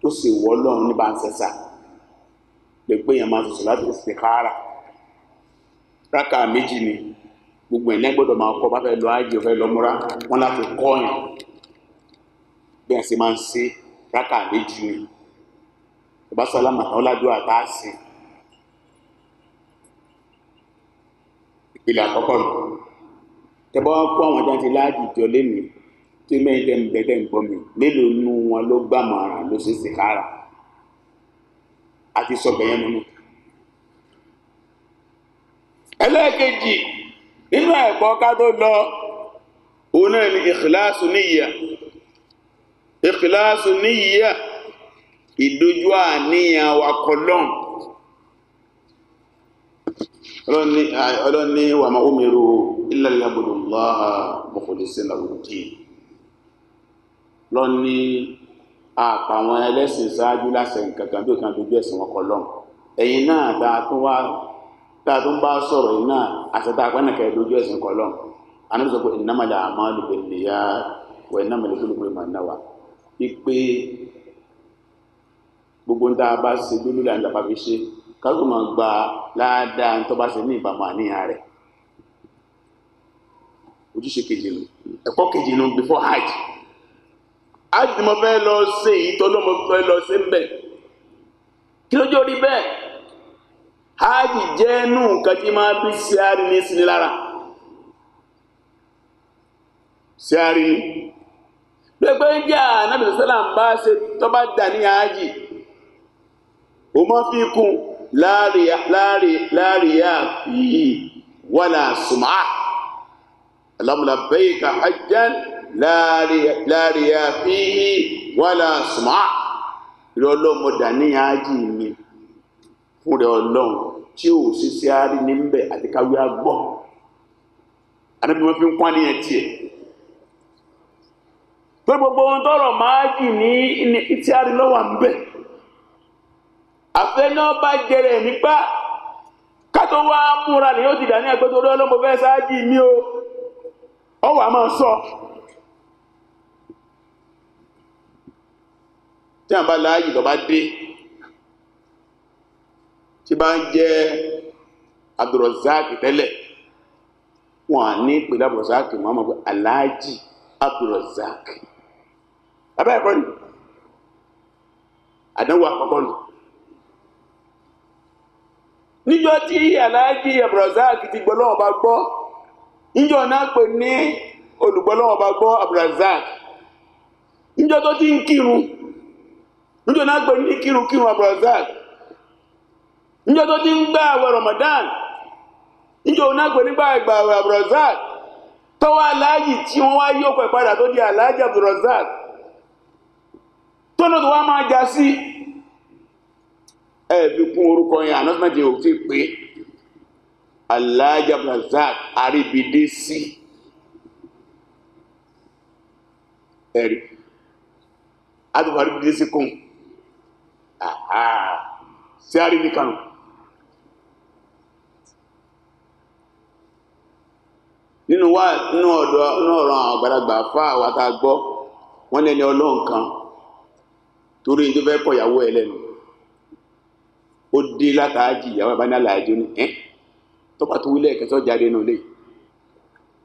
tó sì wọ́ lọ́run ní bánsẹ́sà lè pé èèyàn máa sọ̀sọ̀ láti ṣe káàrà rákà méjì ni gbogbo ẹ̀lẹ́ gbọ́dọ̀ máa kọ́ bá fẹ́ lọ ájì ọ̀fẹ́ lọ́múra wọn láti kọ́ yàn bí a ṣe máa ń ṣe rákà méjì ni ìbá sálámà tán ládùúgbò àtàṣe ìpìlẹ̀ àkọ́kọ́ nù tẹ́bọ́ kó àwọn jáde ládìjọ lémi tí mẹ́rin tẹ́ ń bẹ tẹ́ ń gbọ́ mi mélòó nu wọn ló gbàmọ̀ ara ló ṣe sì kára àti sọ bẹ̀yẹn nínú. ẹlẹ́ẹ̀kejì nínú ẹ̀kọ́ ká tó lọ òun náà ni ìkìláàsù níyà ìkìláàsù níyà ìdójú àníyàn wa kọlọ́n ọlọ́ni wà máa umiru illa liyabudullaha mukhlisina lahu-ddin lọ́ni àpàwọn ẹlẹ́sìn ṣáájú lásẹ̀ kankan bí kan dojú ẹ̀sìn wọn kọlọ́n ẹ̀yìn náà tá a tún bá sọ̀rọ̀ yìí náà àṣetá apẹ́nàkẹ́ dojú ẹ̀sìn kọlọ́n anábìsọ̀ pé innamal a'malu bin-niyyat wa innamal likulli imri'in gbogbo ń tá a bá ṣe gbólú là ń lápá fi ṣe kálukú máa gba ládàá ń tó ṣe ní ìbámu àníyàn rẹ̀ ojúṣe kejì nu ẹ̀kọ́ kejì nu before hajj hajj ni mo fẹ́ lọ ṣe èyí tó lọ́mọ fẹ́ lọ ṣe ń bẹ̀ kí lójú orí bẹ́ẹ̀ hajj jẹ́ nù nǹkan máa bí síárì ní sí ni lára síárì ní pé pé ń jẹ́ ànábìsọ́lá ń bá ṣe tó dà ní hajj o máa fi kún láàrìyá yìí wàlà sùmá alámùlá bẹ́yì ká hajjan láàrìyá yìí wàlà sùmá ìrẹ ọlọ́run mo dà ní ájì mi fún rẹ ọlọ́run tí ò sí sí àárí níbẹ̀ àti káwé agbọ́ àdébí wọn fi ń pọ́n ní ẹ̀ pé gbogbo ohun tọrọ máa jì ní ìtí àárí lọ́wọ́ àfẹnà bá jẹrẹ nípa kátó wá múra nìyó ti dàní ẹgbẹ́ torí ọlọ́mọ fẹ́ sáájì mí o ọwà sọ tí a bá láàyè bá dé tí bá ń jẹ́ Abdulrozak tẹ́lẹ̀ wọn à ní wọn Aláàjì abẹ́ ẹ̀kọ́ níjọ́ tí aláàjì abdulrasaq ti gbọ́ lọ́wọ́ bá gbọ́ níjọ́ náà pè ní olùgbọ́ lọ́wọ́ bá gbọ́ abdulrasaq níjọ́ tó ti ń kírun níjọ́ náà pè ní kírun kírun níjọ́ tó ti ń gba àwẹ̀ ramadan níjọ́ náà pè nígbà ìgbà àwẹ̀ abdulrasaq tọ́wọ́ aláàjì tí wọ́n wá yí ọkọ̀ ìpadà tó di aláàjì abdulrasaq tọ́nà tó wá máa já sí ẹ̀fí kún orúkọ yẹn anọ́sìmẹ̀tì ò tí pé alájà brazak àríbidé sí ẹ̀rí adùn àríbidé sí kún sí àríbìkanu nínú wá nínú ọ̀dọ̀ nínú ọ̀rọ̀ àwọn àgbàlagbà fá àwọn àtàgbọ́ wọ́n lẹ́ni ọlọ́nkan torí tó fẹ́ kọ̀yàwó ẹlẹ́nu ó dé látàájì ìyàwó ẹ̀bá ní àlàájì ó ní ẹ́ tọ́pá tó wílẹ̀ kẹsọ́ jáde nù lé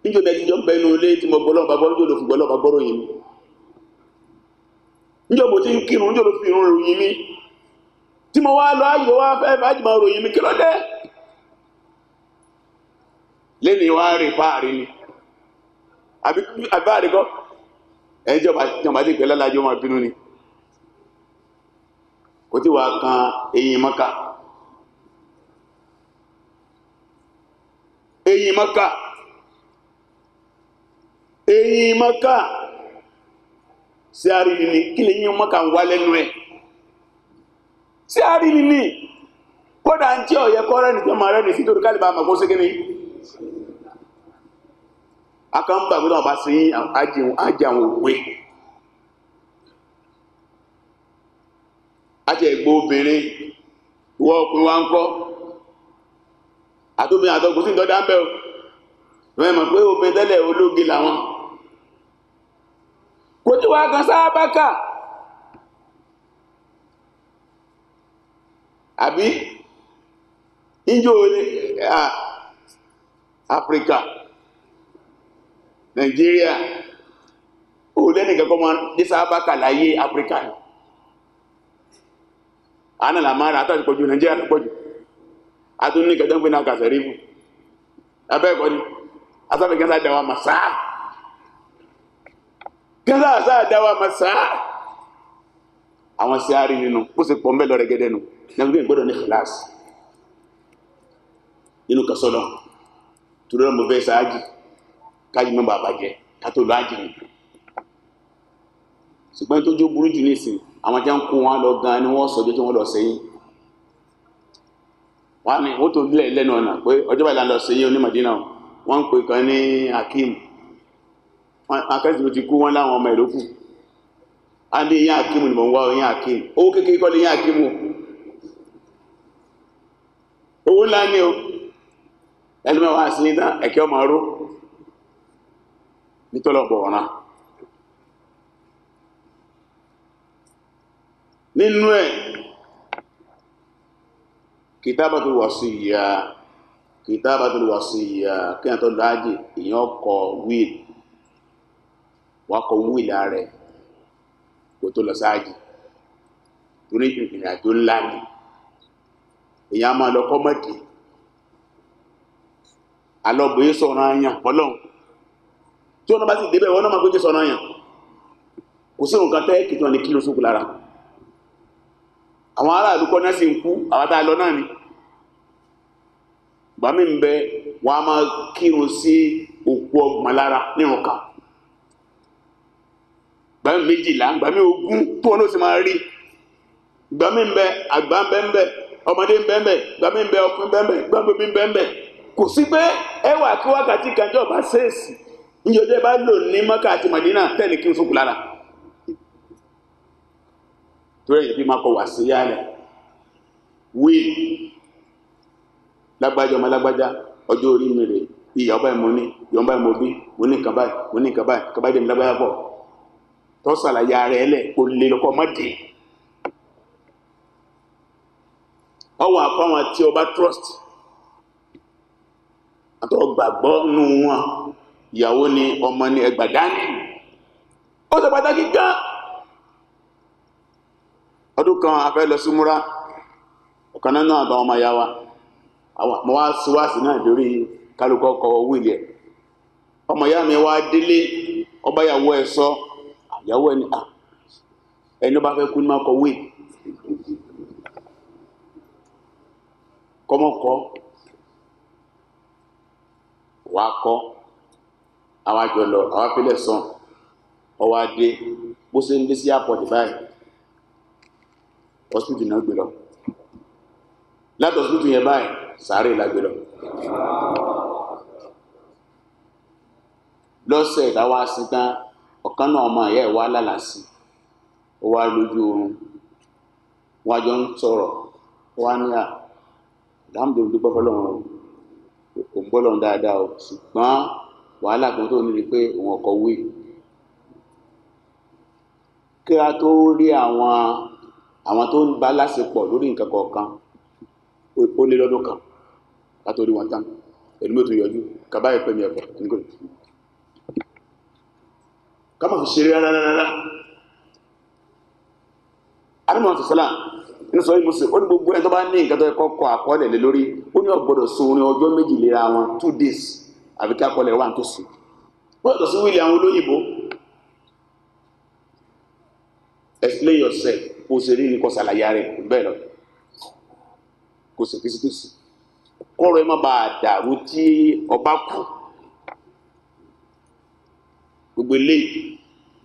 níjọ́ ní ẹjíjọ́ ń bẹ nù lé tí mo gbọ́ lọ́ba gbọ́ níjọ́ ló fi gbọ́ lọ́ba gbọ́rọ̀ yìí mi níjọ́ mo ti ń kírun níjọ́ ló fi irun ròyìn mi tí mo wá lọ ayò wá fẹ́ fàájì máa ròyìn mi kí dé lẹ́ni wá rí fáàrí ni àbí àbí àríkọ́ ẹ̀jọba ti pẹ́ lálàájọ́ máa bínú ni ó ti wà kan eyín mọ́ká eyín mọ́ká eyín mọ́ká sí àrílì ní kí lè yín mọ́ká ń wá lẹ́nu ẹ̀ sí àrílì ní kódà ń tí ọ̀yẹ kọ́ rẹ̀ nìkan ma rẹ̀ nì sí torí kálìbà àmà fún síkíní akọ́mbà gbọ́dọ̀ bá sí ájì òwe àti ẹ̀gbọ́ obìnrin ìwọ ọkùnrin wa ń kọ́ àtòbìnrin àtọkùn sí ìtọ́jà ń bẹ̀ o rẹ̀ mọ̀ pé obìnrin tẹ́lẹ̀ ológe làwọn kò tí wàá kan sáábàkà àbí níjó Áfíríkà Nàìjíríà ó lẹ́nìkan kọ́ máa dé sáábàkà láyé Áfíríkà ni ana àánà là máa rà àtàtì ato nàìjíríà ló pọ̀jù àtún ní kẹjọ́ ń pè náà kàṣẹ rí fún abẹ́ ẹ̀kọ́ ni asáfẹ́ kẹ́ńsà dáwà màsá kẹ́ńsà àṣà dáwà màsá àwọn sí àárín nínú ó sì pọ̀ mbẹ́ lọ́rẹ̀ gẹ́dẹ́ nu nàìjíríà gbọ́dọ̀ ní kíláàsì nínú kẹsọ́lọ́ torí ọmọ fẹ́ sáájì káyí mọ́ bàbàjẹ́ kátó lọ́ àjìnì ṣùgbọ́n tó jó burú jù ní ìsìn àwọn tí wọ́n kó wọn lọ gan ni wọ́n sọjọ́ tí wọ́n lọ sẹ́yìn wọ́n ní wọ́n tó lẹ̀ lẹ́nu pé báyìí la lọ ń pè kan ní akim akẹ́sìmọ̀ ti kú wọn láwọn ọmọ ìlókù a ní yín akim ni mò ń wá akim owó kékeré kọ́ akim o owó ńlá ni o ẹlẹ́mẹ̀wá sí ní ọmọ nítorí nínú ẹ̀ kìtàbàtul wasiyya kìtàbàtul wasiyya kí ẹ̀ tó dájì èèyàn kọ wíìl wà kọ wíìl ààrẹ kò tó lọ sáájì torí ìrìn àjò ńlá ni èèyàn máa lọ kọ́ mọ́dì alọ́gbé sọ̀rọ̀ àyàn pọ́lọ́hùn tí wọ́n bá sì débẹ̀ wọ́n náà máa gbé sọ̀rọ̀ àyàn kò sí nǹkan tẹ́ kìtàn ní kílò sókù lára àwọn aráàlú kọ́ náà sì ń kú àwọn tá a lọ náà ni gbàmí ń bẹ wọn a máa kírun sí òkú ọgbọ̀n lára nírun kan gbàmí méjìlá gbàmí ogún tó wọn ló sì máa rí gbàmí ń bẹ àgbà ń bẹ ń bẹ ọmọdé ń bẹ ń bẹ gbàmí ń bẹ ọkùnrin bẹ ń bẹ gbàmí ń bẹ ń bẹ kò sí pé ẹwà kí wákàtí kanjọba ṣèèsì níjọba lò ní mọ́kà àti màdínà tẹ́lẹ̀ kí n sókù lára. torí ẹ̀yẹ̀ bí máa kọ wà sí yálẹ̀ wíìlì lágbájá ọmọ lágbájá ọjọ́ orí mi rè mo ní ìyá mo bí mo ní nǹkan mo ní nǹkan báyìí dèmi pọ̀ ọba trust àtọ́ gbàgbọ́ nù wọn ìyàwó ni ọmọ ni ó pàtàkì gan ọdún kan a fẹ́ lọ sí múra ọ̀kan náà náà bá ọmọ ya wa mo wá náà lórí kálukọ́ kọ wíìlì ọmọ ya mi wá délé ọba ìyàwó ẹ̀ sọ àyàwó ẹni à ẹni bá fẹ́ kú ní ọkọ kọ kọmọkọ kọ́mọ́kọ́ àwọn àjọ lọ àwọn sàn adé bó ṣe ń dé sí hospital náà gbé lọ láti hospital yẹn báyìí sàárè la gbé lọ lọ́sẹ̀ ìdáwà sí tán ọ̀kan náà ọmọ ẹ̀yà ìwà lálàsì ó wá lójú oorun wọ́n jọ ń sọ̀rọ̀ wá ní à dáhùn dúpẹ́ fọlọ́run ò ń bọ́lọ̀ dáadáa o ṣùgbọ́n wàhálà kan tó ní ni pé òun ọkọ̀ wí kí a tó rí àwọn àwọn tó ń bá láṣepọ̀ lórí nǹkan kọ̀ọ̀kan ó lé lọ́dún kan látòrí wọn tán ẹni mọ́tò yọjú kaba ẹ̀pẹ́ mi ẹ̀kọ́ ẹni kò kama fi ṣeré rárá rárá arimọ̀ sọ̀sọ́là ní sọ yìí mùsùlùmí ó ní gbogbo ẹni tó bá ní nǹkan tó kọ́ kọ́ àkọọ́lẹ̀ lé lórí ó ní ọ̀gbọ́dọ̀ sunrin ọjọ́ méjì lera wọn two days àbí ká wà tó sùn gbọ́dọ̀ sí wíìlì àwọn olóyìnbó explain yourself kò ṣe rí nǹkan ṣàlàyé rẹ̀ kò sì kìí kìí tí ọba kù gbogbo eléyìí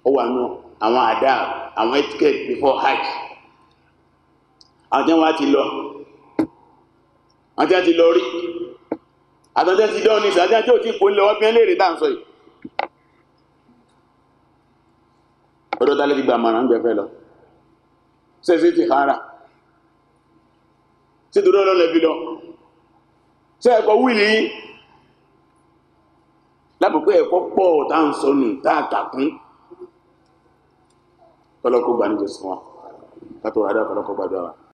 ó wà àwọn àdá àwọn etiquette before hajj àwọn tí ti lọ àwọn ti lọ rí àtàwọn ti ti léèrè tá à ń sọ yìí lọ. sẹ́sẹ́ ti hàrà sí tó rọ́lọ́lẹ̀ bí lọ sẹ́ ẹ̀kọ́ wílì lábùkú ẹ̀kọ́ pọ̀ táà ń sọ́nù táà kàkún ọlọ́kọ̀ gbà níjọ sí wọn látọ̀ adá ọlọ́kọ̀ gbàdọ̀ àwọn